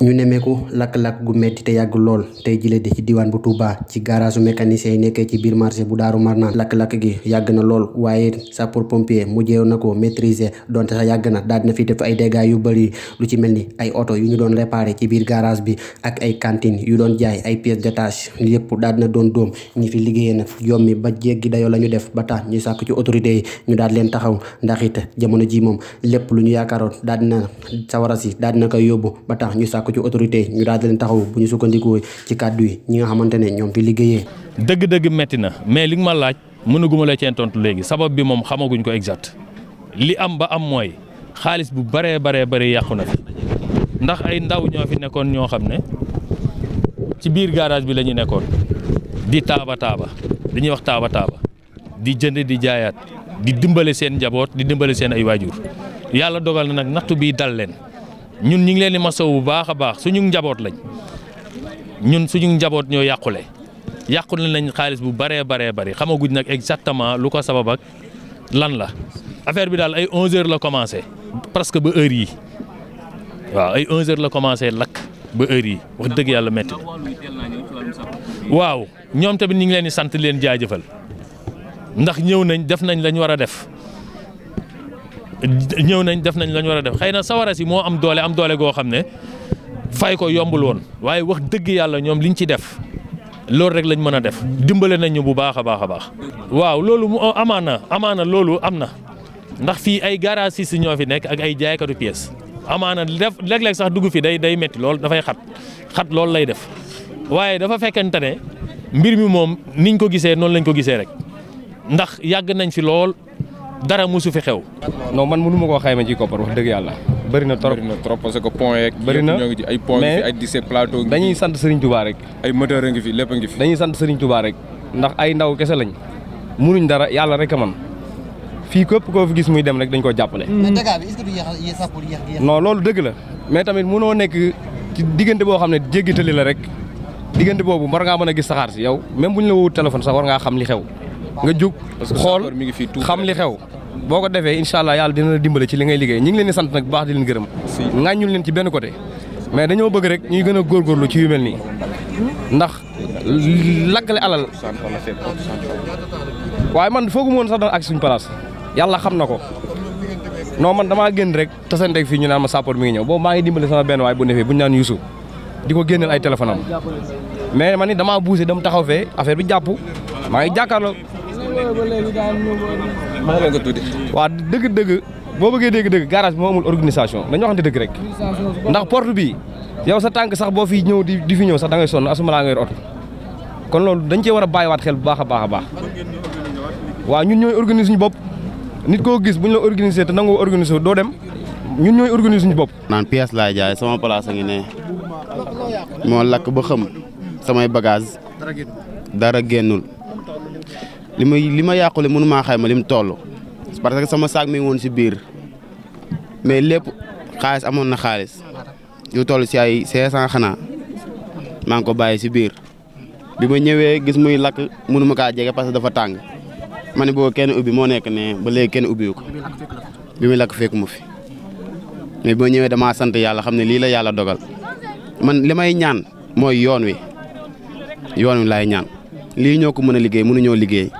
ñu nemeeku lakk-lakk gu metti te yàgg lool tey jile di ci diwaan bu Touba ci garage su mécanicien yi nekkee ci biir marché bu Daaru Marnaan lakk-lakk gi yàgg na lool waaye sapeur pompier mujjee na ko maîtriser donte sax yàgg na daal dina fi def ay dégâts yu bëri lu ci mel ni ay oto yu ñu doon réparé ci biir garage bi ak ay cantine yu doon jaay ay pièces détachées yépp daal dina doon dóom ñi fi liggéeyee nag yommi ba jéggi dayoo la ñu def ba tax ñu sàkk ci autorités yi ñu daal leen taxaw ndax it jamono ji moom lépp lu ñu yaakaaroon daal dina sawara si daal dina koy yóbbu sàkku ci autorité ñu daal di leen taxaw bu ñu sukkandikoo ci kàddu yi ñi nga xamante ne ñoom fi liggéeyee. dëgg-dëgg metti na mais li nga ma laaj mënaguma la cee tontu léegi sabab bi moom xamaguñ ko exact li am ba am mooy xaalis bu baree baree bari yàqu na fi ndax ay ndaw ñoo fi nekkoon ñoo xam ne ci biir garage bi la ñu nekkoon di taaba taaba dañuy wax taaba taaba di jënd di jaayaat di dimbale seen njaboot di dimbale seen ay waajur yàlla dogal na nag nattu bi dal leen. ñun ñu ngi leen ma masawu bu baax a baax suñu njaboot lañ ñun suñu njaboot ñoo yàqule yàqule nañ xaalis bu baree baree bari xamaguñ nag exactement lu ko sabab ak lan la affaire bi daal ay 11h la commencé que ba heure yi waaw ay 11h la commencé lakk ba heure yi wax dëgg yàlla métti waaw ñoom tamit ñu ngi leen di sant leen jaajëfal ndax ñëw nañ def nañ lañ war a def. ñëw nañ def nañ la war a def xëy na sawara si moo am doole am doole goo xam ne fay ko yombul woon waaye wax dëgg yàlla ñoom liñ ci def loolu rek lañ mën a def dimbale nañu bu baax a baax a baax. waaw loolu mu oh, amaana amaana loolu am na ndax fii ay garagistes ñoo fi nekk ak ay jaaykatu pièces amaana def léeg sax dugg fi day day métti lool dafay xat xat loolu lay def waaye dafa fekkente ne mbir mi moom niñ ko gisee noonu lañ ko gisee rek ndax yàgg nañ fi lool. dara mosu fi xew. non man mënu ma koo xayma ci koppar wax dëgg yàlla. bëri na trop bëri na trop parce na ñoo ngi ci dañuy sant Serigne Touba rek. ay moteur a ngi fi lépp a ngi fi. dañuy sant Serigne Touba rek ndax ay ndaw kese lañ munuñ dara yàlla rek a man fii képp koo fi gis muy dem rek dañ koo jàppale. mais dégâts pour yéex loolu dëgg la mais tamit munoo nekk ci diggante boo xam ne jéggitali la rek diggante boobu war ngaa mën a gis saxaar si yow même bu ñu la woo téléphone sax war ngaa xam li xew nga jug xool xam li xew boo ko defee incha allah yàlla dina la dimbale ci li ngay liggéey ñu ngi e di sant baax di leen gërëm ŋàññul leen ci benn côté mais dañoo bëgg rek ñuy gën a góorgóorlu ci yu mel nii ndax lakkale alal waaye man foogu moon sax dana ak suñ place yàlla xam na ko non man damaa génn rek tasanteeg fii ñu naan ma sappoor mi ngi ñëw boobu maa ngi dimbale sama benn waay bu ne fii bu ñu naan di ko génneel ay téléphone am mais man bi jàpp ma leen ko dëgg boo bëggee dëgg-dëgg garage bi moo amul organisation dañu dëgg rek ndax porte bi yow sa tànk sax boo fi ñëw di di fi ñëw sax da ngay sonn asuma laa ngay oto kon loolu dañ cee war a bàyyiwaat xel bu baax a baax a baax waaw ñun ñooy organise bopp nit koo gis buñ la organisé te nangoo organisé doo dem ñun ñooy organise suñu bopp naan pièce laay sama place a ngi ne moo lakk ba xam samay bagage dara génnul li may li ma yàqule mënu maa xayma lim toll parce que sama saak mi woon si biir mais lépp xaalis amoon na xaalis yu toll si ay 500 xanaa maa ngi ko bàyyi si biir bi ma ñëwee gis muy lakk mënu ma kaa jege parce que dafa tàng ma ne boobu kenn ubbi moo nekk ne ba léegi kenn ubbiwu ko bi muy lakk fekk mu fi mais bi ma ñëwee damaa sant yàlla xam ne lii la yàlla dogal man li may ñaan mooy yoon wi yoon wi laay ñaan lii ñoo ko mën a liggéey mënuñoo liggéey.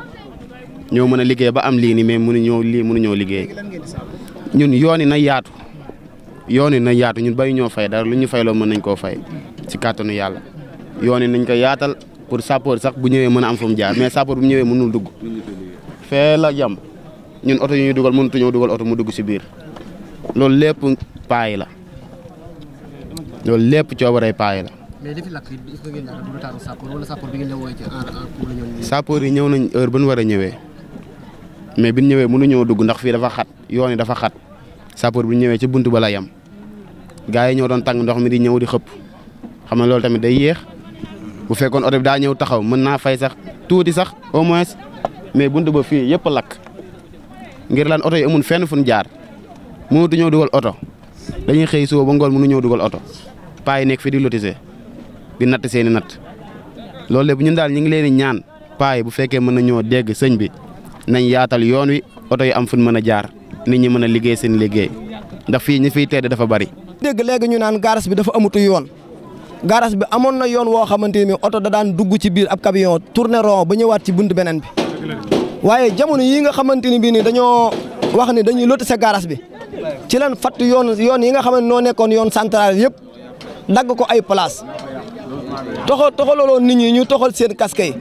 ñoo mën a liggéey ba am lii nii mais mënuñoo lii mënuñoo liggéey ñun yoon yi na yaatu yoon yi na yaatu ñun bay ñoo fay dara lu ñu fayloo mën nañ koo fay ci kàttanu yàlla yoon yi nañ ko yaatal pour sapeur sax bu ñëwee mën a am fu jaar mais sapeur ñëwee mënul dugg fee la jam ñun oto yi ñuy dugal oto mu dugg ci biir loolu lépp paay la loolu lépp coobaree paay la. mais li fi lakk sapeur yi ñëw nañ heure ba nu war a ñëwee. mais bi ñu ñëwee mënu ñëw dugg ndax fii dafa xat yoon yi dafa xat sapeur bi ñu ñëwee ci bunt ba la yem gars yi ñoo doon tàng ndox mi di ñëw di xëpp xam na loolu tamit day yéex bu fekkoon oto bi daa ñëw taxaw mën naa fay sax tuuti sax au moins mais bunt ba fii yëpp lakk ngir lan oto yi amul fenn fu ñu jaar mënatu ñëw dugal oto dañuy xëy suba ba ngool mënu ñëw dugal oto paa yi nekk fii di lotisé di natt seen nat natt loolu bu ñun daal ñu ngi leen di ñaan paa bu fekkee mën na ñoo dégg sëñ bi nañ yaatal yoon wi oto yi am fu ñu mën a jaar nit ñi mën a liggéey seen liggéey ndax fii ñi fiy tedd dafa bari. dégg léegi ñu naan gaaras bi dafa amatu yoon garas bi amoon na yoon woo xamante ni oto da daan dugg ci biir ab camion tourné rond ba ñëwaat ci bunt beneen bi waaye jamono yi nga xamante ni bii nii dañoo wax ni dañuy lotti sa garas bi ci lan fat yoon yoon yi nga xam ne noo nekkoon yoon central yëpp dagg ko ay place toxal toxalaloon nit ñi ñu toxal seen casque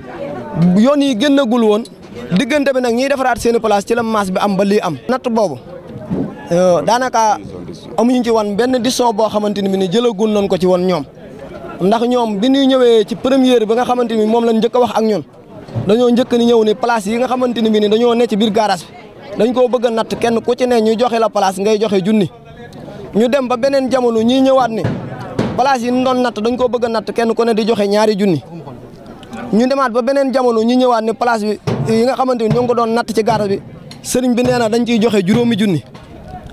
diggante bi nag ñiy defaraat seen place ci la maas bi am ba lii am natt boobu euh, daanaka amuñu ci wan benn décision boo xamante ni bi ni jëlagun nañ ko ci woon ñoom ndax ñoom di ñuy ñëwee ci première bi nga xamante ni moom lañ njëkk a wax ak ñun dañoo njëkk ni ñëw ni place yi nga xamante ni bi ni dañoo ne ci biir garage bi dañ koo bëgg a natt kenn ku ci ne ñu joxe la place ngay joxe junni ñu dem ba beneen jamono ñii ñëwaat ni place yi ñu doon natt dañ koo bëgg a natt kenn ku ne di joxe ñaari junni ñu yi nga xamante ni ñoo ko doon natt ci gaar bi sëriñ bi nee na dañ ciy joxe juróomi junni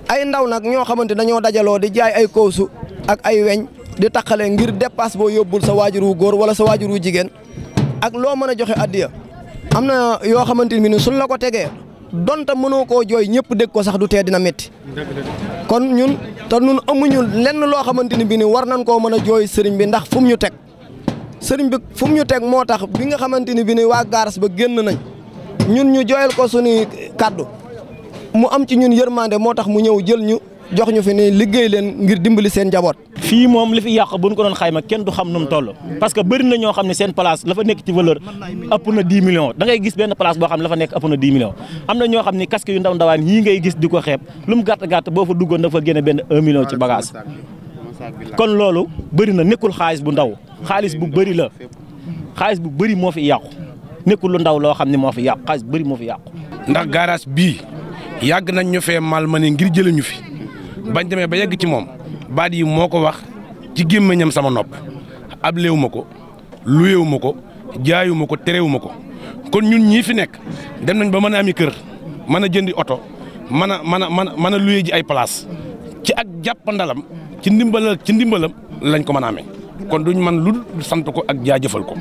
ay ndaw nag ñoo xamante dañoo dajaloo di jaay ay koosu ak ay weñ di taqale ngir dépasse boo yóbbul sa waajur wu góor wala sa waajur wu jigéen ak loo mën a joxe addiya am na yoo xamante ni suñ la ko tegee donta mënoo koo jooy ñëpp dégg ko sax du tee dina métti kon ñun te ñun amuñu lenn loo xamante ni bi ni war nañ koo mën a jooy sëriñ bi ndax fu ñu teg sëriñ bi fu ñu teg moo tax bi nga xamante ni bi ni waa gaaras ba génn nañ ñun ñu jooyal ko suñuy kàddu mu am ci ñun yërmande moo tax mu ñëw jël ñu jox ñu fi ne liggéey leen ngir dimbali seen jaboot fii moom li fi yàq bu ñu ko doon xayma kenn du xam nu mu toll parce que bëri na ñoo xam ne seen place la fa nekk ci valeur ëpp na 10 millions da gis benn place boo xam ne la fa nekk ëpp na 10 millions am na ñoo xam ne casque yu ndaw ndawaan yii ngay gis di ko xeeb lu mu gàtt gàtt boo fa duggoon dafa génne benn 1 million ci bagage kon loolu bëri na nekkul xaalis bu ndaw xaalis bu bëri la xaalis bu bëri moo fi yàqu. nekkul lu ndaw loo xam ne moo fi yàqu xaalis bëri moo fi yàqu. ndax garage bii yàgg nañ ñu fee malmené ngir jëlee ñu fi bañ demee ba yegg ci moom baat yi moo ko wax ci gémmiñam sama nopp ab ma ko luyewu ko jaayu ko terewu ma ko kon ñun ñii fi nekk dem nañ ba mën a ami kër mën a jëndi oto mën a mën a mën a mën a luye ay place ci ak jàppandalam ci ndimbalal ci ndimbalam lañ ko mën a amee kon duñ man lu sant ko ak jaajëfal ko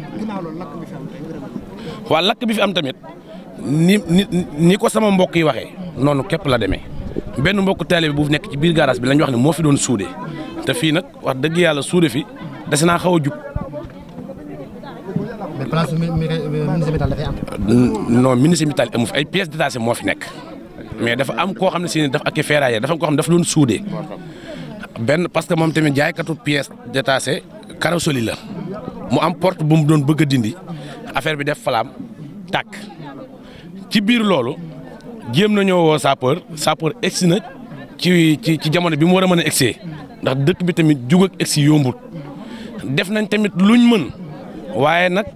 waa lakk bi fi am tamit ni ni ko sama mbokk yi waxee noonu képp la demee benn mbokk taalibe bu nekk ci biir garage bi lañ wax ne moo fi doon suude te fii nag wax dëgg yàlla suude fi des naa xaw a jub. mais place menuisier métal dafay am. non menuisier métal ay pièces détachées moo fi nekk mais dafa am koo xam ne si ne dafa ak ferrailleur dafa am koo xam ne dafa doon suude benn parce que moom tamit jaaykatu pièces détachées carrosserie la mu am porte bu mu doon bëgg dindi. affaire bi def falaam tàkk ci biir loolu jéem nañoo woo sapeur sapeur egsi na ci ci ci jamono bi mu war a mën a egsee ndax dëkk bi tamit jug ak egsi def nañ tamit luñ mën waaye nag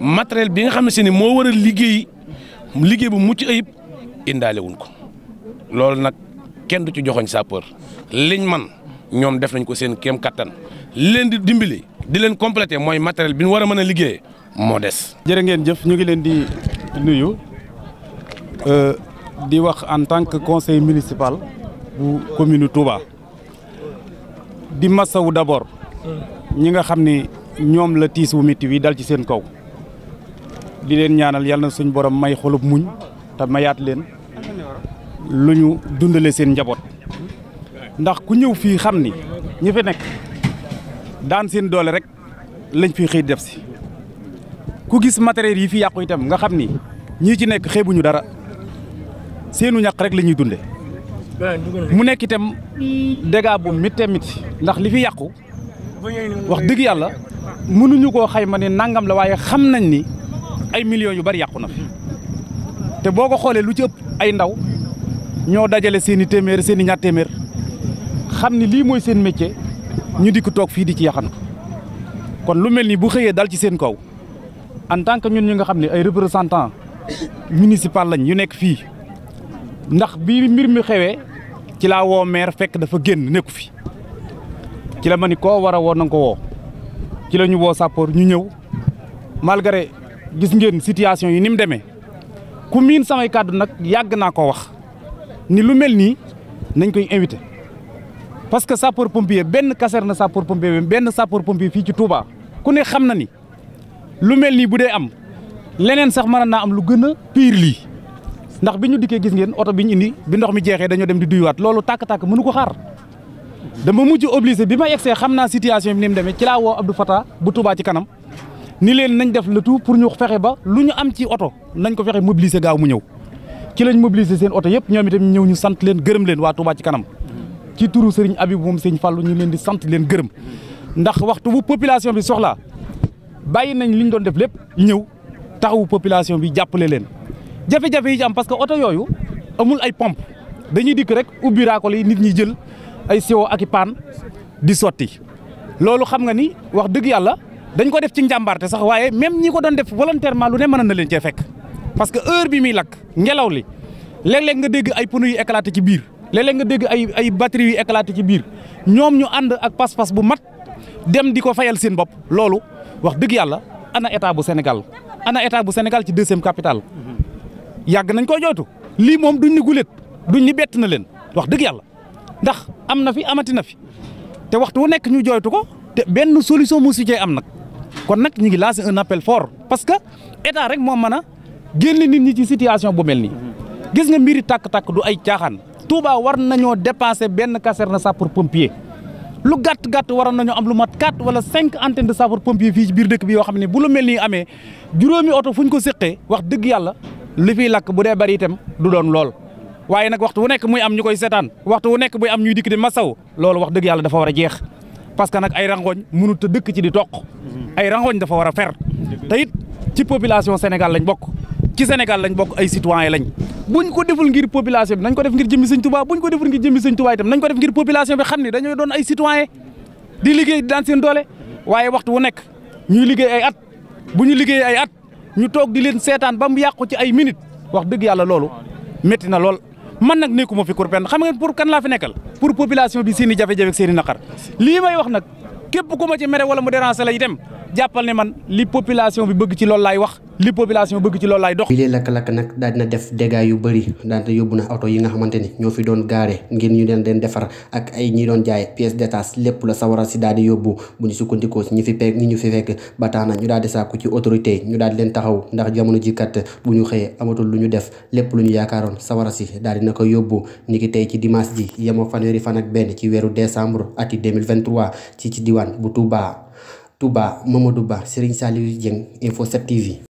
matériel bi nga xam ne si ni moo war a liggéey liggéey bu mucc ayib indaale wuñ ko loolu nag kenn du ci joxoñ sapeur liñ man ñoom def nañ ko seen kem kattan li leen di dimbali di leen complété mooy matériel bi ñu war a mën a liggéeyee moo des. jërë ngeen jëf ñu ngi leen di nuyu euh, di wax en tant que conseil municipal bu commune Touba di masawu d'abord ñi nga xam ni ñoom la tiis wu métti wi dal ci seen kaw di leen ñaanal yàlla na suñ borom may xolub muñ te mayaat leen lu ñu dundale seen njaboot. ndax ku ñëw fii xam ni ñi fi nekk daan seen doole rek lañ fi xëy def si ku gis matériel yi fi yàqu itam nga xam ni ñii ci nekk xeebuñu dara seenu ñaq rek la ñuy dunde mu nekk itam dégâts bu méttee métti ndax li fi yàqu wax dëgg yàlla mënuñu ko xayma ne nangam la waaye xam nañ ni ay millions yu bari yàqu na fi te boo ko xoolee lu ci ëpp ay ndaw ñoo dajale seen i téeméer seen i ñaar téeméer xam ni lii mooy seen métier ñu di ko toog fii di ci yaxantu kon lu mel ni bu xëyee dal ci seen kaw en tant que ñun ñu nga xam ne ay représentant municipal lañ yu nekk fii ndax bi mbir mi xewee ci laa woo maire fekk dafa génn nekku fi ci la ma ni koo war a woo nanga ko woo ci la ñu woo sappoor ñu ñëw malgré gis ngeen situation yi ni mu demee ku miin samay kàddu nag yàgg naa ko wax ni lu mel nii nañ koy invité parce que sapeur pompier benn caserne sapeur pompier benn sapeur pompier fii ci Touba ku ne xam na ni lu mel nii bu dee am leneen sax mën naa am lu gën a pire lii ndax bi ñu dikkee gis ngeen oto bi ñu indi bi ndox mi jeexee dañoo dem di duyuwaat loolu tàkk-tàkk mënu ko xaar dama mujj obligé bi ma yegsee xam naa situation bi ni mu demee ci laa woo Abdou Fata bu Touba ci kanam ni leen nañ def le tout pour ñu fexe ba lu ñu am ci oto nañ ko fexe mobiliser gaaw mu ñëw ci lañ mobiliser seen oto yëpp ñoom itam ñëw ñu sant leen gërëm leen ci kanam ci turu sëriñ Abib moom sëriñ Fallou ñu leen di sant leen gërëm ndax waxtu bu population bi soxlaa bàyyi nañ li ñu doon def lépp ñëw taxawu population bi jàppale leen jafe-jafe yi parce que oto yooyu amul ay pompe dañuy dikk rek ubbi raakol yi nit ñi jël ay siwo ak i paan di sotti loolu xam nga ni wax dëgg yàlla dañ ko def ci njàmbaarte sax waaye même ñi ko doon def volontairement lu ne mën na leen cee fekk parce que heure bii muy lakk ngelaw li léeg-léeg nga dégg ay pneu yu éclaté ci biir léeg nga dégg ay ay batterie yu ci biir ñoom ñu ànd ak pas bu mat dem di ko fayal seen bopp loolu wax dëgg yàlla ana état bu senegal ana état bu senegal ci deuxième capitale yàgg nañ ko jooytu lii moom duñ ni guléet duñ ni bett na leen wax dëgg yàlla ndax am na fi amati na fi te waxtu wu nekk ñu jooytu ko te benn solution mu si cee am nag kon nag ñu ngi lancer un appel fort parce que état rek moo mën a génne nit ñi ci situation bu mel nii gis nga mbiri tàkk-tàkk du ay caaxaan. Touba war nañoo dépasser benn caserne sapeur pompier lu gàtt gàtt waroon nañu am lu mat 4 wala 5 antenne de sapeur pompier fii ci biir dëkk bi yoo xam ne bu lu mel nii amee juróomi oto fu ñu ko séqee wax dëgg yàlla li fiy lakk bu dee bari itam du doon lool. waaye nag waxtu wu nekk muy am ñu koy seetaan waxtu wu nekk muy am ñuy dikk di masaw loolu wax dëgg yàlla dafa war a jeex parce que nag ay rangooñ mënut a dëkk ci di toq ay rangooñ dafa war a fer te it ci population Sénégal lañ bokk. ci Sénégal lañ bokk ay citoyen lañ buñ ko deful ngir population bi nañ ko def ngir jëmmi sëñ Tuubaa buñ ko deful ngir jëmmi sëñ Tuubaa itam nañ ko def ngir population bi xam ne dañoo doon ay citoyen di liggéey daan seen doole waaye waxtu wu nekk ñuy liggéey ay at bu ñu liggéey ay at ñu toog di leen seetaan ba mu yàqu ci ay minit wax dëgg yàlla loolu metti na lool man nag nekkuma fi pour benn xam ngeen pour kan laa fi nekkal pour population bi seen i jafe-jafe ak seen i naqar wax nag képp ku ma ci mere wala mu déranger la itam jàppale ne man li population bi bëgg ci loolu laay wax li population bëgg ci loolu ay dox. bi lee lakk-lakk nag daal dina def dégâts yu bëri daanaka yóbbu na oto yi xamante ni ñoo fi doon gaare ngir ñu leen leen defar ak ay ñi doon jaay pièces détachées lépp la sawara si daal di yóbbu bu ñu sukkandikoo si ñi fi pe ñi ñu fi fekk ba ñu daal di sàkku ci autorité ñu daal leen taxaw ndax jamono ji kat bu ñu xëyee amatul lu ñu def lépp lu ñu yaakaaroon sawara si daal dina ko yóbbu ni ki tey ci dimanche ji yemoo fanweeri fan ak benn ci weeru décembre ati 2023 ci ci diwaan bu Touba Touba Mamadou Ba Serigne Saliou Dieng Info 7 TV